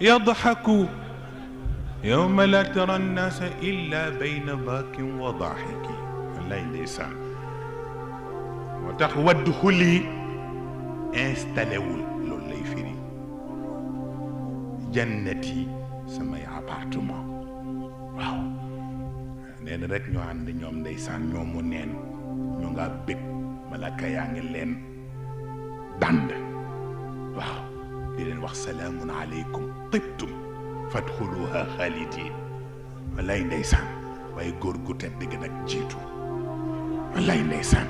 يضحك يوم لا ترى الناس إلا بين باك وضحك الليل وتحوى الدخولي انستلو لولي فيني جنتي سمي عبارتما واو نين رك نيو عند نيوم ديسان نيوم نين نيوغا بيت ملاكا يانغي لين داند واو دي لين واخ سلام عليكم طبتم فادخلوها خالدين والله نيسان واي غور غوت ديغ نك جيتو والله نيسان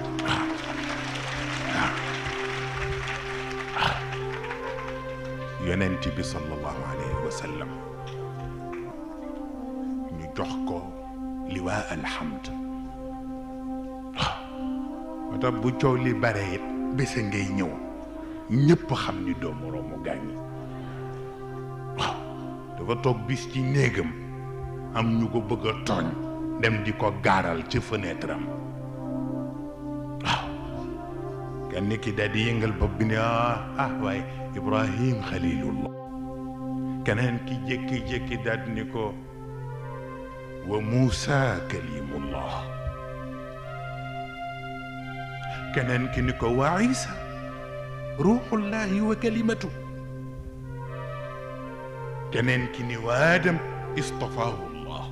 يوننتي بي صلى الله عليه وسلم ني جوخكو لواء الحمد متى بو تشولي باريت بيس نغي نيو ñepp xamni doomu romu gañi dafa toog bis ci néegam am ñu ko bëgg a tooñ dem di ko gaaral ci fenêtre kenn ki daal di yëngal bopp bi ne ah, ah waaye Ibrahim Xalilullah keneen ki jékki-jékki daal di ni ko wa Muusa kalimullah keneen ki ni waa Aadam istafaahu llah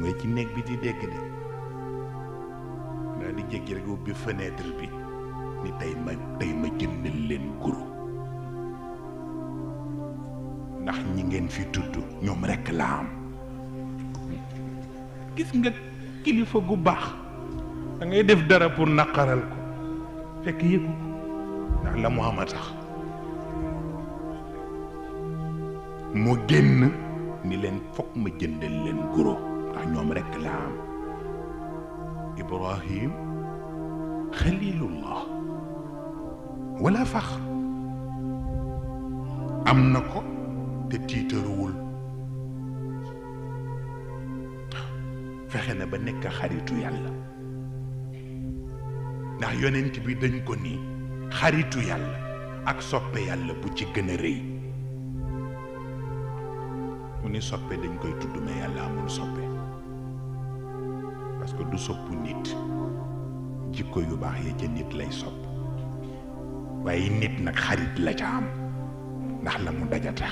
mu nga ci néeg bi di dégg de daa di jékki rek ubbi fenêtre bi ni tey ma tey ma jëndal leen guru ndax ñi ngeen fi tudd ñoom rekk la am gis nga kilifa gu baax dangay def dara pour naqaral ko fekk yëgu ndax la mu am a tax mo génn ni leen foog ma jëndal leen goro ndax ñoom rek la am ibrahim xalilullah wala fax am na ko te tiitaruwul fexe na ba nekk xaritu yàlla ndax yonent bi dañ ko ni xaritu yàlla ak soppe yàlla bu ci gën a rëy ni soppe dañ koy tudd mais yàlla amul soppe parce que du soppu nit jikko yu baax yi ca nit lay sopp waaye nit nag xarit la ca am ndax la mu dajata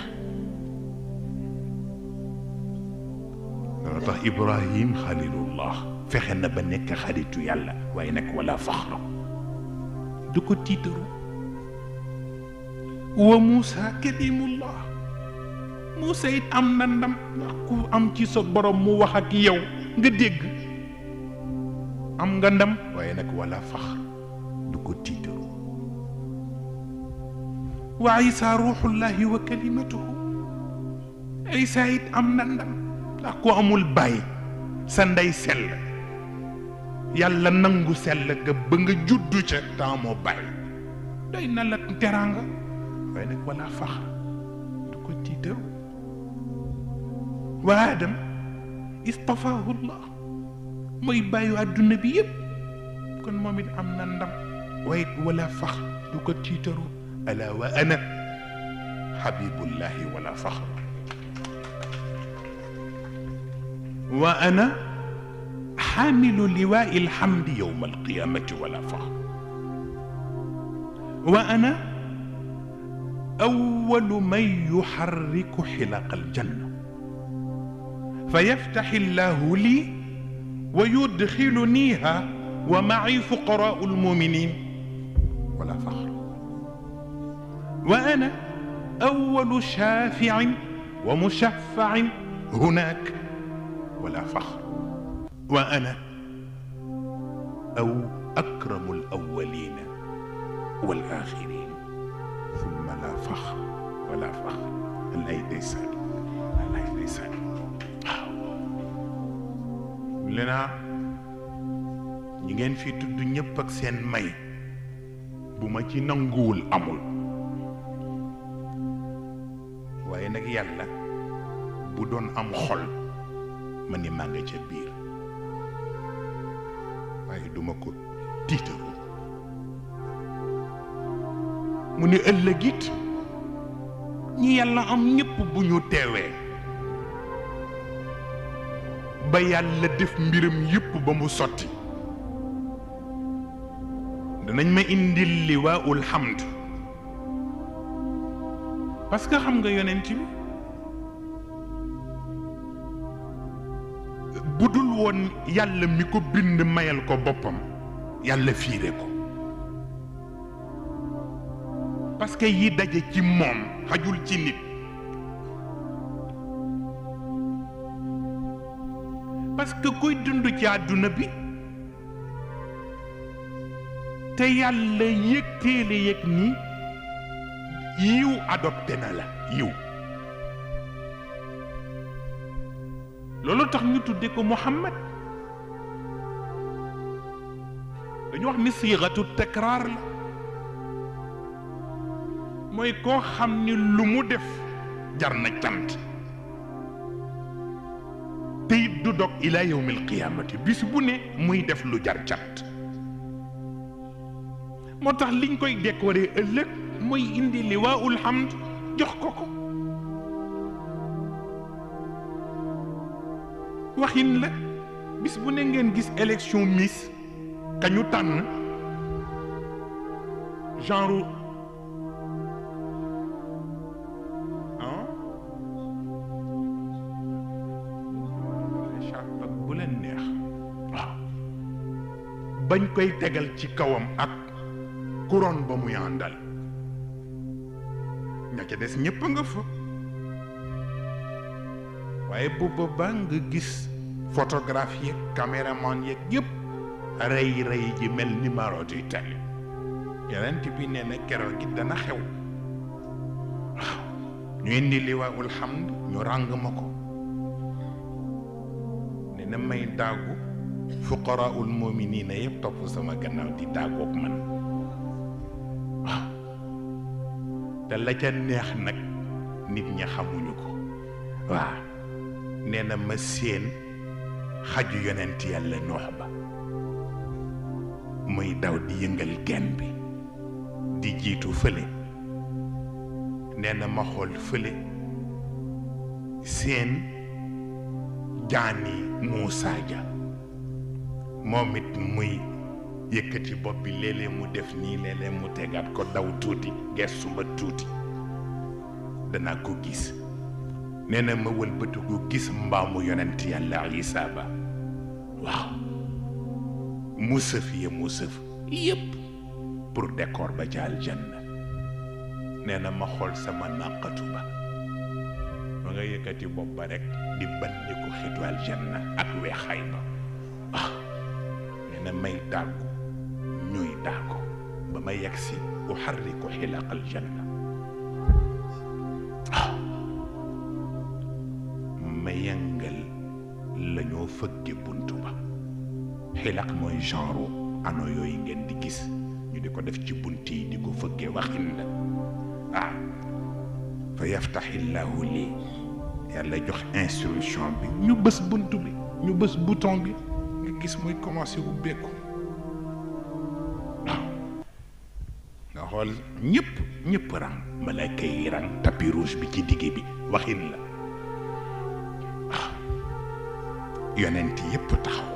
dana tax ibrahim xalilullah fexe na ba nekk xaritu yàlla waaye nag wala faxra du ko tiitaru wa musa kalimullah Moussa it am na ndax ku am ci sa borom mu wax ak yow nga dégg am nga ndam waaye nag walla fax du ko tiitaru wa Isa ruuxullahi wa kalimatuhu Isa it am na ndam ndax ku amul bàyyi sa ndey sell yàlla nangu sell ga ba nga juddu ca te amoo bàyyi doy na teraanga waaye nag wala fax du ko tiitaru وآدم اصطفاه الله ما يبايو عبد النبي كن مؤمن أمنا نم ويت ولا فخر دوك تيترو ألا وأنا حبيب الله ولا فخر وأنا حامل لواء الحمد يوم القيامة ولا فخر وأنا أول من يحرك حلق الجنه فيفتح الله لي ويدخلنيها ومعي فقراء المؤمنين ولا فخر وأنا أول شافع ومشفع هناك ولا فخر وأنا أو أكرم الأولين والآخرين ثم لا فخر ولا فخر الأيدي سالك الأيدي سالك nee ñi ngeen fi tudd ñëpp ak seen may bu ma ci nanguwul amul waaye nag yàlla bu doon am xol ma ni maa nga ca biir waaye duma ko tiitaru mu ni ëllëg ñi yàlla am ñëpp bu ñu teewee ba yàlla def mbiram yëpp ba mu sotti danañ ma indil liwaaul hamd parce que xam nga yonent bi bu dul woon yàlla mi ko bind mayal ko boppam yàlla fiire ko parce que yi daje ci moom xajul ci nit que kuy dund ci àdduna bi te yàlla yëg téele yëg ni yiw adopté na la yiw loolu tax ñu tudde ko Muhammad dañu wax ni siixatu takraar la mooy koo xam ni lu mu def jar na cant تي دودوك الى يوم القيامه بيس بوني موي ديف لو جار جات موتاخ لي نكوي ديكوري الك موي اندي لواء الحمد جوخ كوكو واخين لا بيس بوني bañ koy tegal ci kawam ak couronne ba muy àndal ña ca des ñépp nga fa waaye booba baa nga gis photographe yeeg caméraman yeeg rey rey ji mel ni maroot yi tali yonent bi nee na keroog gi dana xew waaw ñu indi ñu ràng ma ko nee may daagu fuqaraul muminina yëpp topp sama gannaaw di tàggoog man ah. te la ca neex nag nit ña xamuñu ko waaw nee na ma séen xaju yonent yàlla noox ba muy daw di yëngal genn bi di jiitu fële nee na ma xool fële séen jaani Muusaa ja momit muy yekati bopp bi leeg mu def ni lele mu tegat ko daw tuti gestu ma tuti dana ko gis nena ma na ma ko gis mbamu yonent yàlla isa ba waaw musaf ye musaf yep pour décor ba ca janna nena ma xol sama nàqatu ba ma nga yekati bopp ba rek di bandi xitwal janna ak weexaay ba waaw na may daal ko ñuy daal ko ba ma yegg si uxarriku xilaqal janna waaw ma yëngal la ñoo fëgge bunt ba xilaq mooy genre ano yooyu ngeen di gis ñu di ko def ci bunt yi di ko fëggee waxin la waaw fa yaftaxillahu lii yàlla jox instruction bi ñu bës bunt bi ñu bës bouton bi gis muy commencé ubbeeku waaw nga xool ñëpp rang malaaka yi rang rouge bi ci digg bi waxin la ah. yonent yëpp taxaw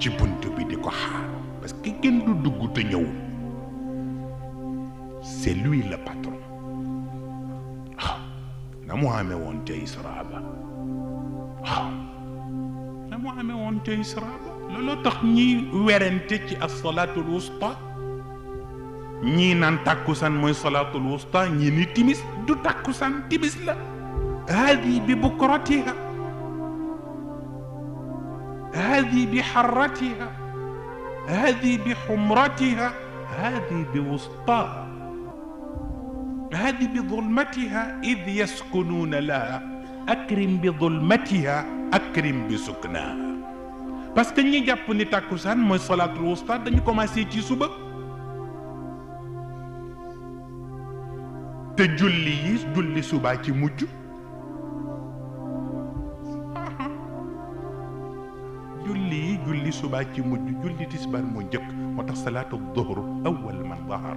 ci bunt bi di ko xaar parce que kenn du dugg te ñëwul c'est lui patron ah. na mu amee woon ca Israa ba ah. mu amé won te isra lolo tax ñi werante ci as salatu al wusta ñi nan takusan moy salatu al wusta ñi ni timis du takusan timis la hadi bi ببكرتها هذه بحرتها هذه بحمرتها هذه بوسطاها هذه بظلمتها اذ يسكنون لها akrim bi dulmatiha akrim bi sukna parce que ñi jàpp ni tàkkusaan mooy salaatul wusta dañu commencé ci suba te julli yi julli subaa ci mujj julli yi subaa ci mujj julli tisbaar moo njëkk moo tax salaatu duhur awwal man dahar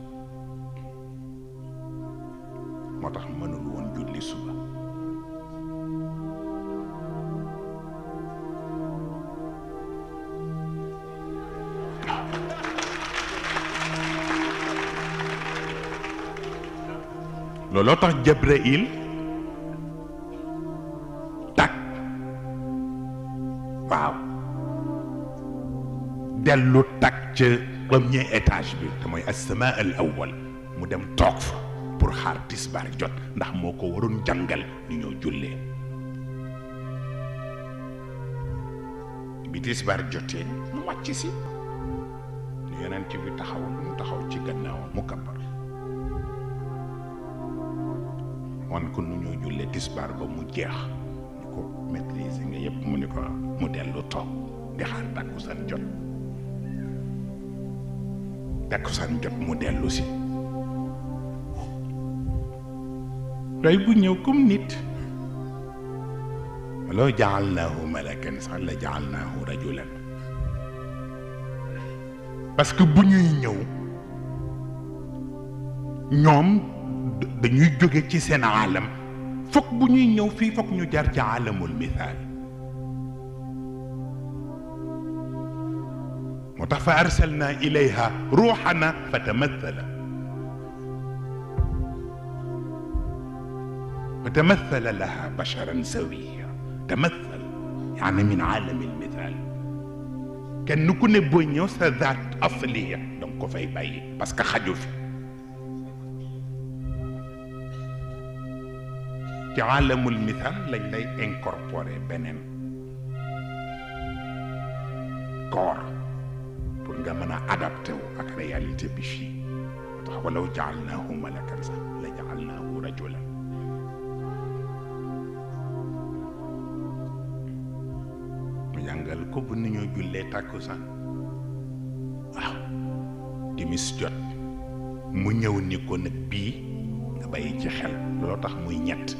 looloo tax Jabraïl tag waaw dellu tag ca premier étage bi te mooy asama al awwal mu dem toog fa pour xaar tisbaar jot ndax moo ko waroon jàngal ni ñoo jullee bi tisbaar jotee mu wàcc si ñu yeneen ci bi taxaw mu taxaw ci gannaaw mu wan ko nu ñuy jullee tisbaar ba mu jeex ñu ko maîtriser nga yëpp mu ni ko mu dellu toog di xaar takkusaan jot takkusaan jot mu dellu si doy bu ñëw comme nit walaw la malakan sax la jaalnaahu rajulan parce que bu ñuy ñëw ñoom dañuy jóge ci seen aalam foog bu ñuy ñëw fii foog ñu jaar ci aalamul misaal moo tax fa arsalna ilayha ruuxana fa tamassala فتمثل لها بشرا سويا تمثل يعني من عالم المثال كان نكون بو نيو ذات اصليه دونك فاي باي باسكو خاجو في ci alamul misaal lañ lay incorporer beneen corps pour nga mën a adapté wu ak réalité bi fii tax walaw jaalnaahu malakan sax la jaalnaahu rajulan mu jàngal ko bu ni ñoo jullee tàkkusaan waaw timis jot mu ñëw ni ko nag nga bàyyi ci xel loo tax muy ñett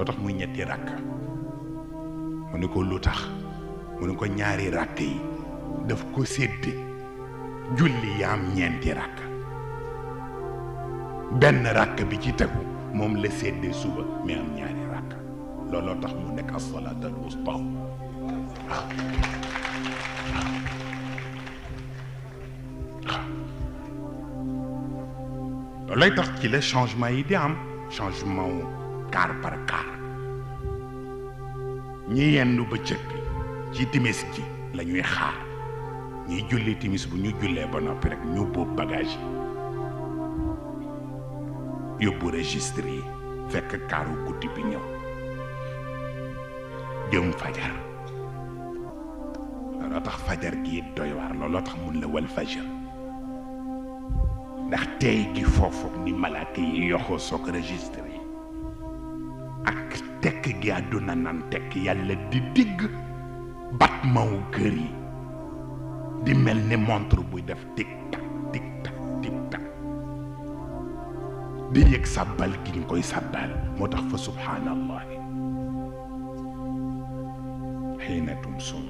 loo tax muy ñetti rak mu ne ko lu tax mu ne ko ñaari rak yi daf ko séddi julli yaam ñeenti rak benn rak bi ci tegu moom la séddee suba mais am ñaari rak looloo tax mu nekk as-salaat al-wusta lay tax ci la changement yi di am changement Kar perkar, कार ñi yendu bëccëg bi ci timis gi la xaar ñi julli timis bu ñu julle ba nopi rek ñu bo bagage yi bu registre fekk karu guti bi ñew. jëm fajar Ara tax fajar gi doy waar lo tax mu wal fajar ndax tay gi fofu ni malaki yi yoxo sok registre tek gi aduna nan tek yàlla di dig batmawu kër yi di mel montre bu def tik tak tik tak tik tak di yek sàbbal gi ngi koy sàbbal motax fa subhanallah hina tumsun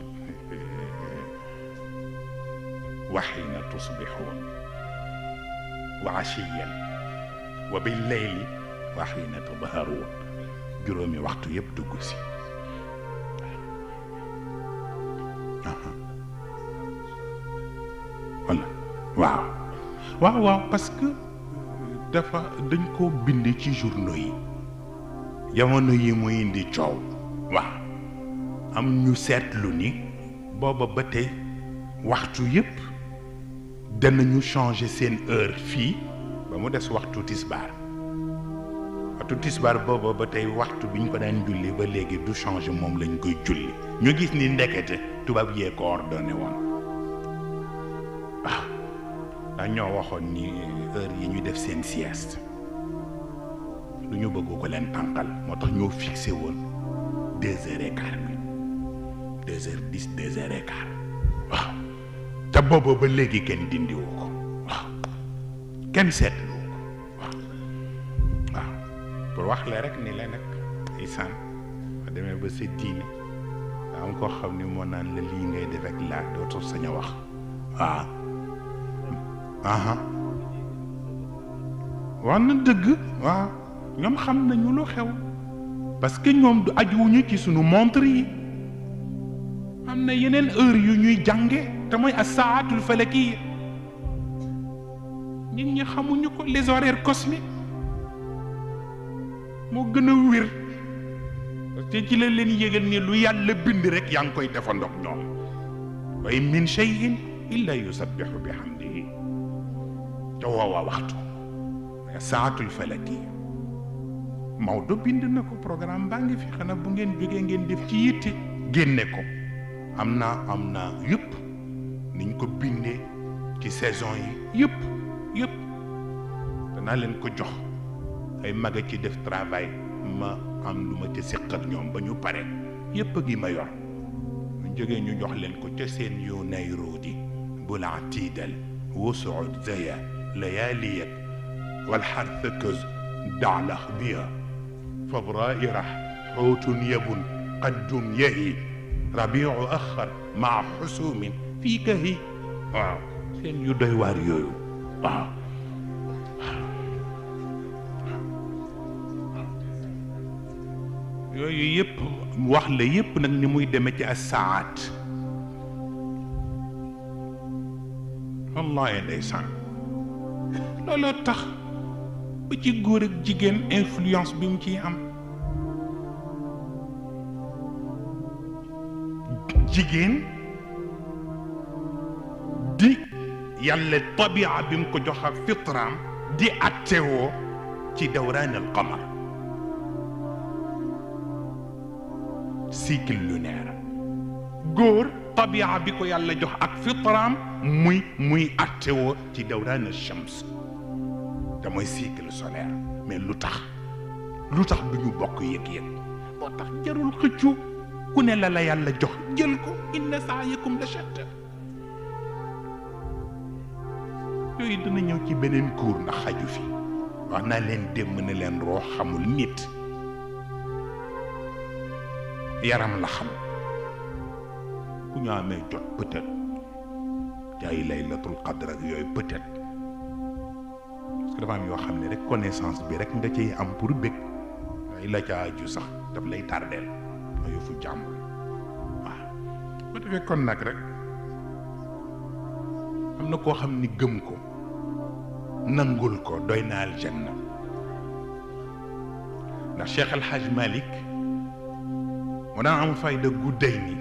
wa xiina tusbixuun wa ashiyan wa billeyli wa xiina tadharuun juróomi waxtu yëpp dugg si voilà waaw waaw waaw parce que euh, dafa dañ ko bind ci journaux yi jamono yi mu indi coow waaw am ñu seetlu ni booba ba tey waxtu yëpp danañu changer seen heure fii ba mu des waxtu tisbaar waxtu tisbaar booba ba tey waxtu bi ñu ko daan julli ba léegi du changé moom lañ koy tu ñu gis ni ndekete tubaab yee ko ordonné woon ah, ah, ñoo waxoon ni euh, heure yi ñu def seen sieste lu ñu bëgg ko leen tànqal moo ñoo fixé woon deux heures et quart tu heures dix deux heures et quart waaw ah, ba kenn kenn wax la rek ni la nag isaan a demee ba sa diine am koo xam ni moo naan la lii ngay def ak laa dootul sañ a wax waaw aha wax na dëgg waaw ñoom xam nañu lu xew parce que ñoom du ajuwuñu ci sunu montre yi am na yeneen heure yu ñuy jànge te mooy as-saatul falakiyya nit ñi xamuñu ko les horaires cosmiques moo gën a wér te ci la leen yégal ni lu yàlla bind rek yaa ngi koy defandoog ñoom wa in min cheyin illa yusabbihu bihamdihi te woowa waxtu saatul falakiya Maodo bind na ko programme baa ngi fi xanaa bu ngeen jógee ngeen def ci yitte génne ko am naa am naa yëpp niñ ko bindee ci saison yi yëpp yëpp danaa leen ko jox ay mag ci def travail ma am lu ma ca séq ñoom ba ñu pare yépp gi ma yor ñu jógee ñu jox leen ko ca seen yu nayroodi بلع تيدل وسعد زيا لياليك والحرث كز دعلخ بيا فبرائرح حوت يبن قد يهي ربيع أخر مع حسوم في كهي آه. سين يدوي واريو آه. yooyu yëpp wax la yëpp nag ni muy deme ci as saat wallaahi ndeysaan looloo tax ba ci góor ak jigéen influence bi mu ciy am jigéen di yàlla tabia bi mu ko jox ak fitraam di attewoo ci dawraan al cycle lunaire gor tabia bi ko yàlla jox ak fitraam muy muy attewoo ci dawraan shams te mooy cycle solaire mais lu tax lu tax du ñu bokk yëg-yëg moo tax jarul xëccu ku ne la la yàlla jox jël ko inna saayakum la shatta yooyu dina ñëw ci beneen cours ndax xaju fi wax naa leen démb ne leen roo xamul nit yaram la xam bu ñu amee jot peut jaay laylatul qadr ak yooyu peut-être parce am yoo xam ne rek connaissance bi rek nga cay am pour bëgg ay la ca aju sax daf lay tardeel ay yëfu jàmbur waaw bu defee kon nag rek am na koo xam ni gëm ko nangul ko doy na aljanna ndax Cheikh El Hadj wana am fayda gu day ni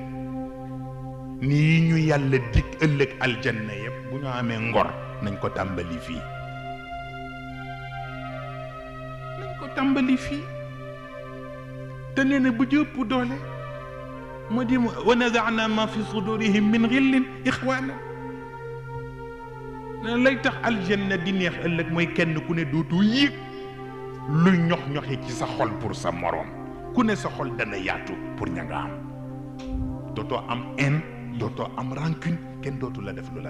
nii ñu yàlla dig ëllëg aljanna yëpp bu ñu amee ngor nañ ko tàmbali fii nañ ko tàmbali fii te nee na bu jëpp doole mu di wa nazana ma fi sudurihim min xillin ixwaana na lay tax aljanna di neex ëllëg mooy kenn ku ne dootu yëg lu ñox ñoxi ci sa xol pour sa morom kune sa xol dana yaatu pour ñangaam dootoo am en dootoo am rancune ken dootu la def lu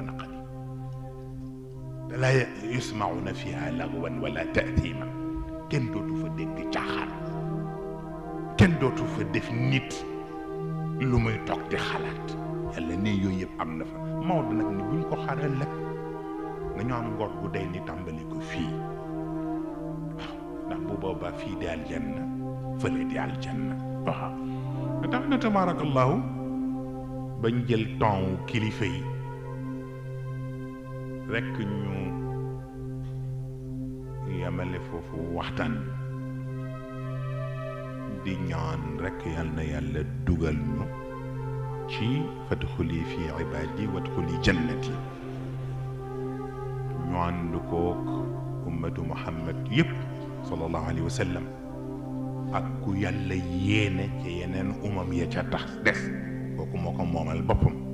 لا يسمعون فيها لغوا ولا تأثيما كن دوتو فدك جاخر كن دوتو فدف نيت لومي توك دي خالات يالا ني يو ييب ام نفا ماود نك ني بوين كو خارال لك نانيو ام غور بو داي كو في نا بو في دال جنه فريد يال جنة أها أتعنا تبارك الله بنجل تون كليفي رك نيو يامل فوفو وحتان دي نيان رك يالنا يالا دوغل نيو شي فادخلي في عبادي وادخلي جنتي نيو عندكوك أمة محمد يب صلى الله عليه وسلم ak ku yàlla yéene ci yeneen umam ya ca tax des kooku moo ko moomal boppam